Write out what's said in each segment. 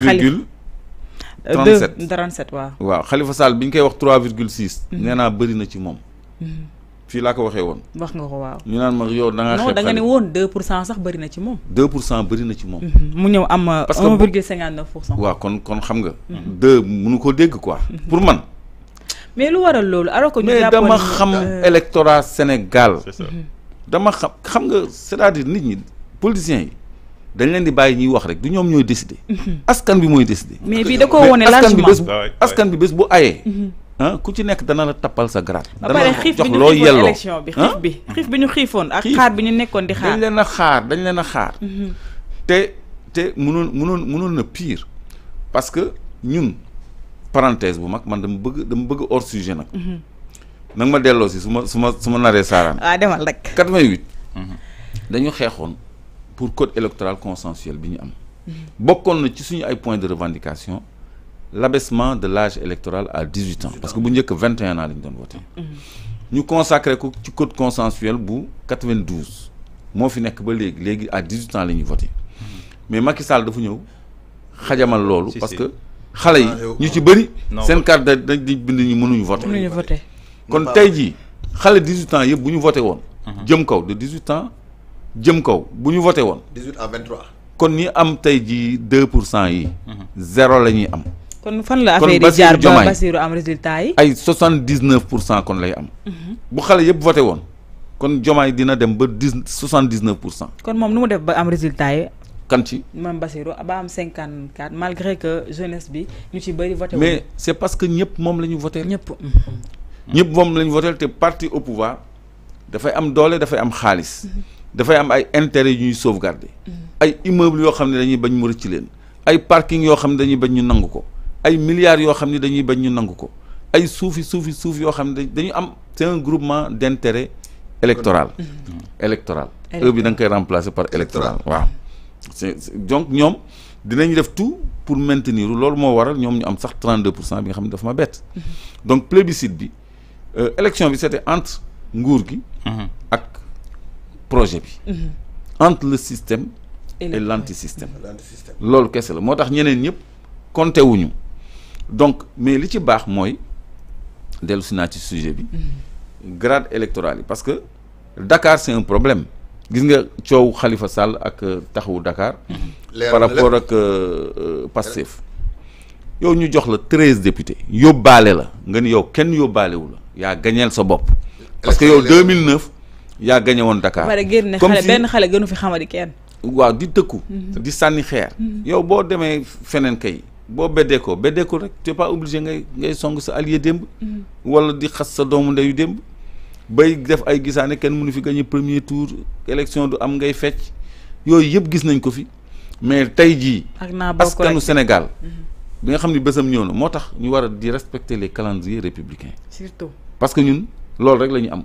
virgule 37 euh, 37 waaw waaw Khalifa Sall bi ñu koy wax 3 virgule 6 mhm. nee naa bëri na ci moom mhm. fii laa ko waxee woon wax nga ko waaw ñu naan ma yow da nga xeeb non da nga ne woon 2 sax bëri na ci moom 2 pour na ci moom mhm. mu ñëw am 1 euh, virgule kon kon xam nga 2 mënu ko dégg quoi pour man mais lu waral loolu alors que ñu mais dama xam euh, électorat Sénégal dama xam xam nga c'est-à-dire nit ñi politiciens yi dañ leen di bàyyi ñuy wax rek du ñoom ñooy décider. Mhm. askan bi mooy décider. mais bii da koo wone largement askan bi bés bu ayee. Mhm. Ah, ku ci nekk dana la tappal sa grade. dana la jox loo yelloo élection bi xiif ah? bi xiif bi ñu xiifoon ak xaar bi ñu nekkoon di xaar. a xaar dañ leen a xaar. Mhm. te te mënoon mënoon mënoon na pire parce que ñun parenthèse bu mag man dama bëgg dama bëgg hors sujet nag. ma delloo si su ma su ma su ma naree saaraan. waaw demal rek. dañu xeexoon. pour le code électoral consensuel Si on a. un point ci suñu ay points de revendication l'abaissement de l'âge électoral à 18 ans parce que bu njëkk 21 ans la ñu Nous consacrons ñu ko code consensuel bu 92 Moi, fi nekk ba léegi léegi à 18 ans la voter. mais Macky Sall dafa ñëw xajamal loolu parce que xale yi ah, ñu ci bëri seen carte dañ di bind ñu mënuñu Donc, kon les enfants de 18 ans yëpp bu ñu voté mhm. jëm kaw de 18 ans jëm ko bu 18 à 23. kon ñi am 2 pour cent yi. zéro la am. kon fan la affaire yi jaar ba Bassirou am résultat yi. ay 79 pour cent kon lay am. Mhm. bu xale voté woon. kon dina dem ba dix pour cent. kon moom nu def ba am résultat yi. kan ci malgré que jeunesse bi ñu ci mais c'est parce que ñëpp moom la ñu voté. parti au pouvoir dafay am doole dafay am dafay am ay intérêt ñuy sauvegarder. ay immeuble yo xam dañuy bañ mu rëcc len ay parking yo xam dañuy bañ ñu nanguko ay milliards yo xam dañuy bañ ñu nanguko ay soufi soufi suuf yo xam dañuy am c'est un groupement d'intérêt électoral électoral eux bi da koy remplacer par électoral waaw donc ñom dinañ def tout pour maintenir loolu mo waral ñom ñu am sax 32 bi nga ma bête mm-hmm. donc plébiscite bi euh, élection bi c'était entre nguur gi mm-hmm projet bi mhm. entre le système et mhm. l'antisystème loolu kese la moo nous ñeneen ñep compté wuñu donc mais li ci bax moy c'est, si ci sujet bi mhm. grade électoral parce que Dakar c'est un problème gis nga coow Khalifa Sall ak euh, taxawu Dakar par rapport ak euh, euh, Pastef yow ñu jox la treize députés yóbbaale la nga ni yow kenn wu la ya gagnel sa bop parce que yow 2009 a gagné au Dakar. comme si benn xale gënu fi xamadi kenn. waaw di tëkku. Mhm. di sànni xeer. Mhm. yow boo demee feneen kay boo beddee ko beddee ko rek tu es pas obligé ngay ngay song sa allié demb. Mhm. wala di xas sa doomu ndeyu démb. bay def ay gisaane kenn mënu fi gagné premier tour élection du am ngay Yo, yooyu yëpp gis nañ ko fi mais tey jii. askanu Sénégal. bi nga xam ni bésam ñëw na moo tax ñu war di respecter les calendriers républicains. surtout parce que ñun loolu rek la ñu am.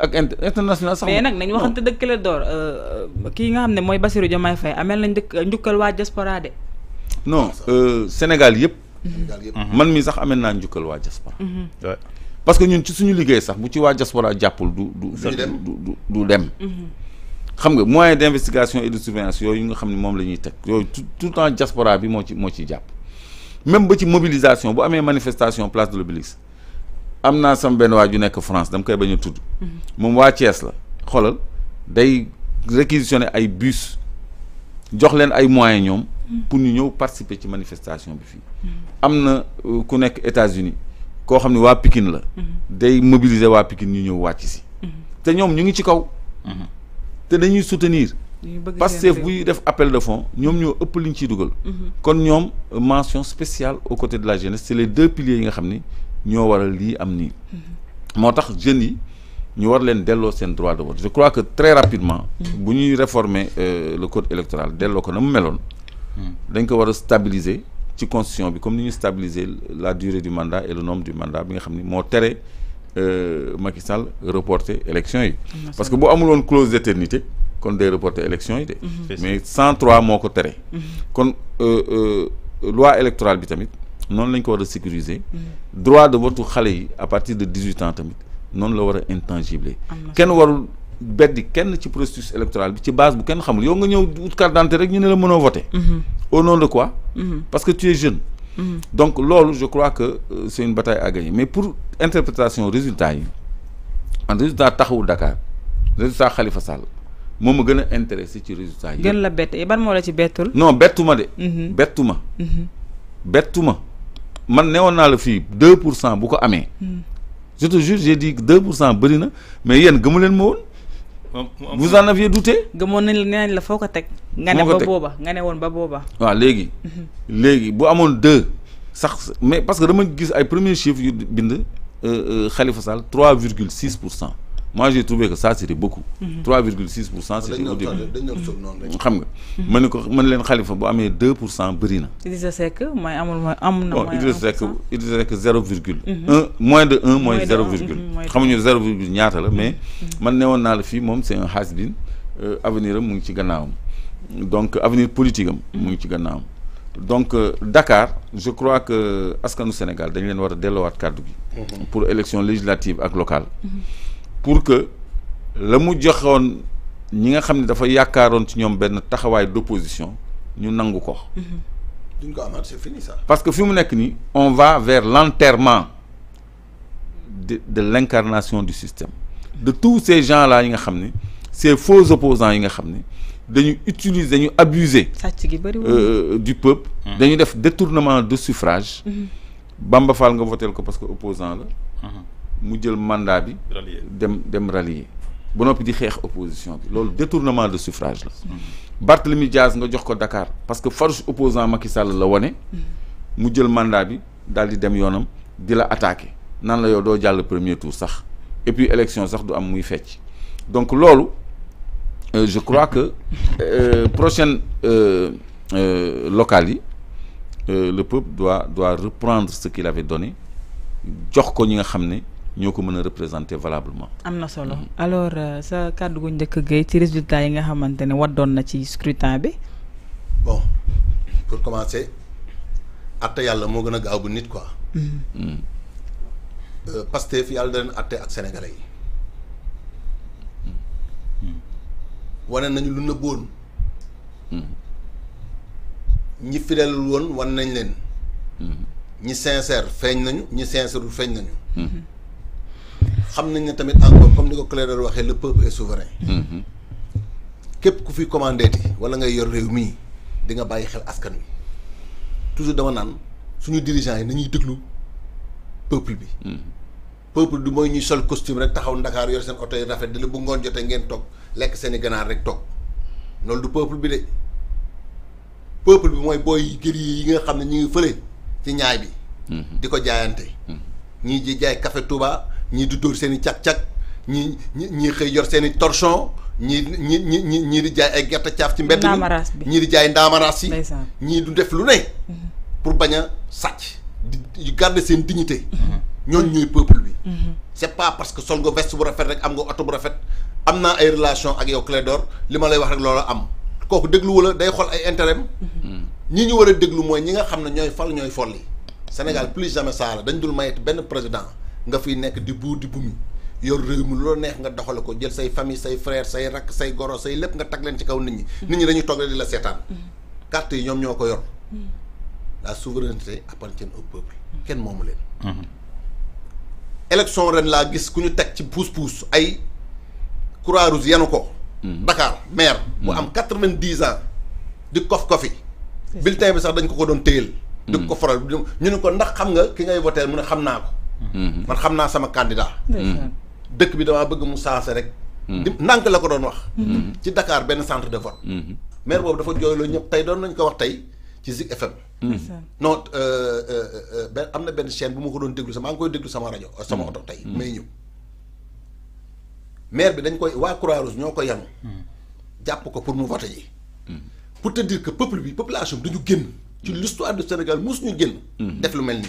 ak international sax. mais nag nañu waxante dëkk la door euh, euh, kii nga xam ne mooy Bassirou Diomaye Faye ameel nañ dëkk njukkal waa diaspora de. non euh, Sénégal yëpp. man mii sax ameel naa njukkal waa diaspora. Mhm. parce que ñun ci suñu liggéey sax bu ci waa diaspora jàppul du du du dem. Mhm. xam nga moyen d' investigation et de surveillance yooyu nga xam ne moom la ñuy teg yooyu tout tout le temps diaspora bi moo ci moo ciy jàpp même ba ci mobilisation bu amee manifestation place de l'Obélisque Amna sam ben France dam koy la a tudd. moom waa la xolal day réquisitionner ay bus jox len ay moyens pour ñu participer ci manifestation bi fi amna euh, ku États-Unis ko xamni wa pikin la. day mobiliser wa pikin ñu la soutenir. Pastef buy appel de fonds nous la liñ mention spéciale aux côtés de la jeunesse c'est les deux piliers que nga ñoo waral li am ni moo tax jeunes yi ñu war leen delloo seen droit de vote je crois que très rapidement bu ñuy réformer euh, le code électoral delloo ko na mu meloon dañ ko war a stabiliser ci constitution bi comme ni ñu stabiliser la durée du mandat et le nombre du mandat bi nga xam ni moo tere euh, Macky Sall reporter élection yi parce que bu amul woon clause d'éternité kon day reporter élection yi de mm-hmm. mais 103 moo ko tere mm-hmm. kon euh, loi électorale bi tamit non lañ ko war sécuriser droit de vote xale à partir de 18 ans tamit non la war intangible Ken waru beddi ken ci processus électoral bi ci base bu ken xamul yow nga ñew out carte d'identité rek ñu ne la voter mm-hmm. au nom de quoi mm-hmm. parce que tu es jeune mm-hmm. donc lolu je crois que euh, c'est une bataille à gagner mais pour interprétation résultat yi en résultat taxawu Dakar résultat Khalifa Sall moo ma intéressé ci résultat yi. gën la et ban moo la ci bettul. non bettu ma de. bettu ma. tout ma man newoon naa la fi 2 bu ko amé je te jure j'ai dit 2 pour na mais yéen gëmu len mo won vous en aviez douté. gëmoon nañ la néñ la foko tek nga ne ba booba nga ne woon ba boba wa légui mhm. légui bu amone 2 sax mais parce que dama gis ay premiers chiffres yu bind euh, euh, Khalifa Sall 3,6% moi j'ai trouvé que ça c'était beaucoup. 3,6 c'était au début. xam nga. Mhm. ma ne ko ma Khalifa bu amé 2 pour Il disait que, Idrissa Seck amul Il disait que mooy Idrissa Seck 1 mhm. moins de 1 moins 0 virgule. xamuñu 0 ñaata la mais. Mhm. man néwon na la fi mom c'est un has-been euh, avenir mu ngi ci donc avenir politique mu ngi ci donc euh, Dakar je crois que euh, askanu Sénégal dañ leen wara a delloowaat kàddu gi. pour élection législative ak locale pour que le mu qui ñi nga xam ne dafa yaakaaroon ci ñoom benn taxawaay d'opposition ñu nangu ko. Mm-hmm. duñ ko c'est fini ça. parce que fi on va vers l'enterrement de de l'incarnation du système de tous ces gens là yi nga ces faux opposants yi nga Ils abusent... dañu utiliser dañu abuser. gi euh, euh, du peuple. Mm-hmm. dañu def détournement de suffrage. Mm-hmm. Bamba Fall nga voteel ko parce que opposant là mu jël mandat bi. dem dem rallier. ba noppi di xeex opposition bi détournement de suffrage la. Barthélemy Diaz nga jox ko Dakar parce que force opposant Macky Sall la wane. mu jël mandat bi daal di dem yoonam di la attaqué nan la yow doo jàll premier tour sax et puis élection sax du am muy fecc donc loolu euh, je crois que euh, prochaine euh, locale yi le peuple doit doit reprendre ce qu'il avait donné jox ko ñi nga ñoo ko mën a représenter valablement. am na solo mhm. alors euh, sa kàddu gu njëkk Guèye ci résultat yi nga xamante ne doon na ci scrutin bi. bon pour commencer atta yàlla moo gën a gaaw bu nit quoi. Mhm. Mhm. Euh, Pastef yàlla da leen atte ak sénégalais yi. wane nañu lu nëbboon. ñi fidélul woon wan nañ leen. ñi sincère feeñ nañu ñi sincèrewul feeñ nañu. xamnañ ne tamit encore comme niko ko Clédor waxee le peuple est souverain. Mhm. kep ku fi commandé ti wala ngay yor rew mi di nga bàyyi xel askan wi toujours dama nan suñu dirigeant yi nañuy deglu peuple bi. Mhm. peuple du moy ñuy sol costume rek taxaw dakar yor sen auto yi rafet di bu ngon jotté ngeen tok lek seni ganar rek tok lolou du peuple bi de peuple bi moy boy gër yi nga xam ñi ngi feulé ci ñaay bi. Mhm. di ko jaayante. ñi ji jaay café Touba. ni ni ni seen ni ni ni ni ni yor seen ni ni ni ni ni di ci ni di ni du def lu ne mm-hmm. pour a di garder seen dignité ni mm-hmm. ñoy peuple bi mm-hmm. c'est pas parce que sol veste bu rafet rek am nga ni bu rafet am ay relation ak yow ni li ma lay wax rek loola am kooku déglu wala day xool ay intérêt ñi ñi nga ne fal folli Sénégal plus jamais ça dañ dul mayet benn président nga fiy nekk di buur di bumi yor mu mi loo neex nga doxale ko jël say famille say frère say rakk say goro say lépp nga tag leen ci kaw nit ñi. Mm. nit ñi dañuy toog di la seetaan. Mm. carte yi ñoom ñoo ko yor. Mm. la souveraineté appartient au peuple. kenn moomu leen. Mm-hmm. élection ren laa gis ku ñu teg ci pousse pousse ay croix rouge yanu ko. Dakar maire. mu am quatre-vingt-dix ans di kof kofi. bulletin bi sax dañ ko ko doon téyel. di ko faral ñu ne ko ndax xam nga ki naa Mhm. man xamna sama candidat deuk mhm. bi dama bëgg mu saase rek mhm. nank la ko doon wax ci Dakar ben centre de vote maire bobu dafa jooyloo ñep tay doon nañ ko wax tay ci Zik FM non euh euh amna euh, ben chaîne bu mu ko doon déglu sama ngoy déglu sama radio euh, sama auto tay may ñëw maire bi dañ koy wa Croix-Rouge ñoko yanu japp ko pour mu vote ji pour te dire que peuple bi population duñu genn ci l'histoire du Sénégal mosuñu genn def lu melni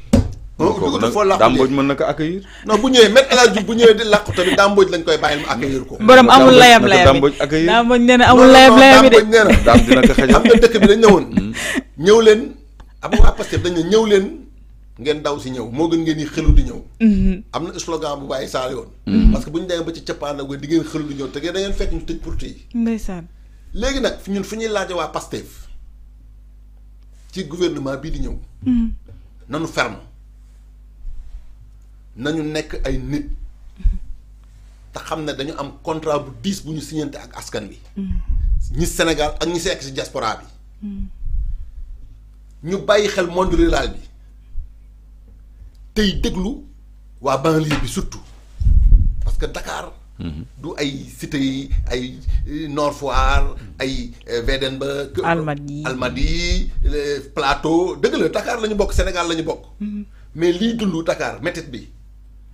non foo làqu Damboj mën na ko accueillir non bu ñëwee met El Hadj Diouf koy bàyyil mu accueillir ko borom amul layam layam dëkk bi dañ ñëwoon hmm. leen am nga waa Pastef dañ ñëw leen ngeen daw si ñëw moo gën ngeen yi xelu di ñëw hmm. am na slogan bu bàyyi saal yoon hmm. parce que bu ñu demee ba ci cappaandago di ngeen xelu di ñëw te da ngeen fekk ñu tëj porte yi ndeysaan léegi nag ñun fu ñuy laaje waa Pastef ci gouvernement bii di ñëw nanu ferme nañu nekk ay nit te xam ne dañu am contrat bu diis bu ñu signante ak askan bi ñi Sénégal ak ñi sekk ci diaspora bi ñu bàyyi xel monde rural bi tey déglu waa banlieue bi surtout parce que Dakar du ay cité yi ay euh, Nord Foire ay Védenberg euh, euh, Almadies Plateau dëgg la Dakar lañu bokk Sénégal la bokk mm-hmm. mais lii dund Dakar métit bi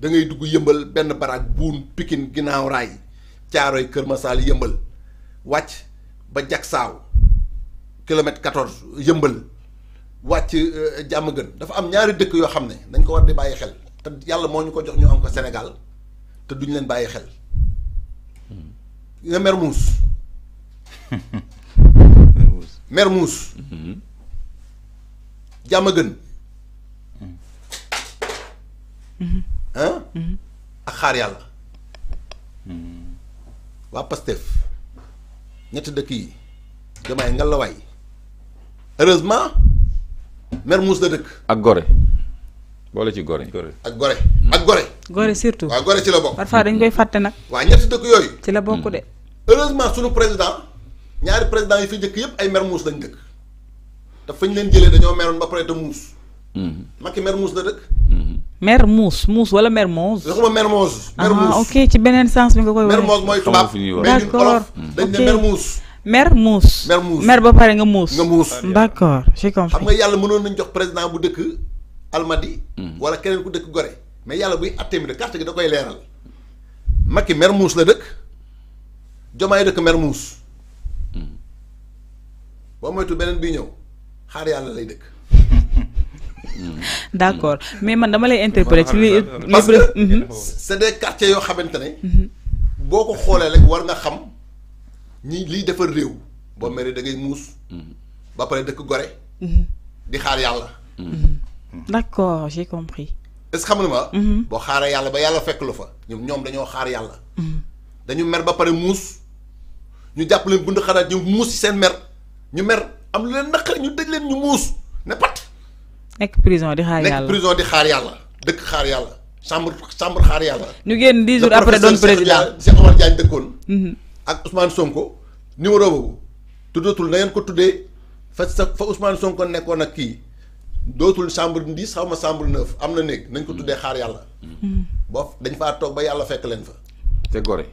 dangay dugg yëmbal benn baraag buun pikin ginnaaw raay caaroy Kër Masaal yëmbal wàcc ba jaksaaw kilomètre 14 yëmbal wàcc euh, jàmm gën dafa am ñaari dëkk yoo xam ne dañ ko war di bàyyi xel te yàlla moo ñu ko jox ñu am ko Sénégal te duñ leen bàyyi xel nga Mermoz Mermoz mhm. jàmm gën mhm. ah. ak xaar yàlla. Hmm. waa Pastef ñetti dëkk yi jamaay ngalawaay heureusement Mermoz la dëkk. ak Gorée boole ci Gorée. ak Gorée ak Gorée. Gorée surtout waaw Gorée ci la bokk. parfois dañ koy fàtte nag. waa ñetti dëkk yooyu. ci la bokk de. Hmm. heureusement sunu président ñaari président yi fi njëkk yëpp ay Mermoz lañ dëkk te ñu leen jëlee dañoo meroon ba pare muus. Hmm. Macky Mermoz la dëkk. Mermoz Mousse wala Mermoz. waxuma Mermoz. Mermoz ah ok ci beneen sens bi nga koy. Mermoz mooy tubaab d'accord dañ ne Mermoz. mer muus. mer muus mer ba pare nga muus. nga muus d'accord j'ai compris. xam nga yàlla mënoon nañ jox président bu dëkk Almadi. Hmm. wala keneen ku dëkk Gorée. mais yàlla buy àttee mi de carte gi da koy leeral. Macky mer muus la dëkk. Jomaay dëkk mer muus. Hmm. boo moytu beneen bi ñëw xaar yàlla lay dëkk. d'accord mais man dama lay interpeller ci li. parce que c' mhm. des quartiers yo xamantene mhm. boko xolé rek war nga xam ni li defal rew bo mel ni da ngay muus. Mhm. ba pare dëkk gore. di xaar yalla d'accord j'ai compris. est ce xam nga ma. boo xaaree yàlla ba yalla fekk lu fa. ñom ñom dañoo xaar yalla dañu mer ba paré mous ñu japp leen bund xara ñu muus sen mer ñu mer am lu leen naqari ñu dëj leen ñu mous ne pat nek prison di xaar yalla nek prison di xaar yalla deuk xaar yalla chambre chambre xaar yalla ñu génn 10 jours après don président Cheikh Omar Diagne dëkkoon. Mhm. ak Ousmane Sonko numéro boobu tuddatul na ngeen ko tuddee fa fa Ousmane Sonko nekkoon ak ki dootul chambre 10 xaw ma chambre neuf am na nañ ko mhm. tuddee xaar yàlla. Mhm. bo dañ fa tok ba yalla fekk len fa. te gore.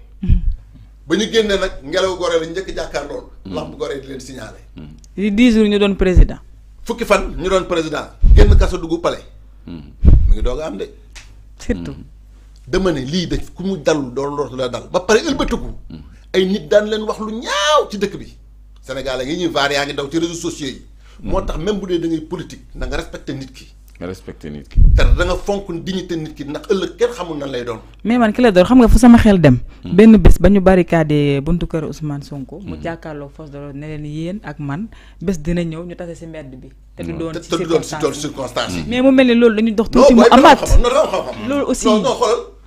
ba ñu génnee nak ngelaw goré la ñëk jakkar lool lamb goré di leen signalé. di 10 jours ñu don président. fukki fan ñu don président. génn kaso dugg pale hmm. mu ngi doog a am de. surtout. Hmm. dama ne lii de ku mu dalul doon loolu la dal ba pare ëlbatiku. Hmm. ay nit daan leen wax lu ñaaw ci dëkk bi. Sénégal a ngi ñuy vaar yaa ngi daw ci réseaux sociaux yi. moo tax même bu dee da ngay politique na nga respecté nit ki. nga respecté nit ki. te da fonk dignité nit ki ndax ëllëg kenn xamul nan lay doon. mais man ki la doon xam nga fu sama xel dem. Hmm. benn bés ba ñu barricadé buntu kër Ousmane Sonko. mu hmm. jàkkaarloo force de l'ordre ne leen yéen ak man bés dina ñëw ñu tase si mbedd bi. te du hmm. doon ci circonstance mais mu mel ni loolu dañu dox tuuti mu amaat loolu aussi. non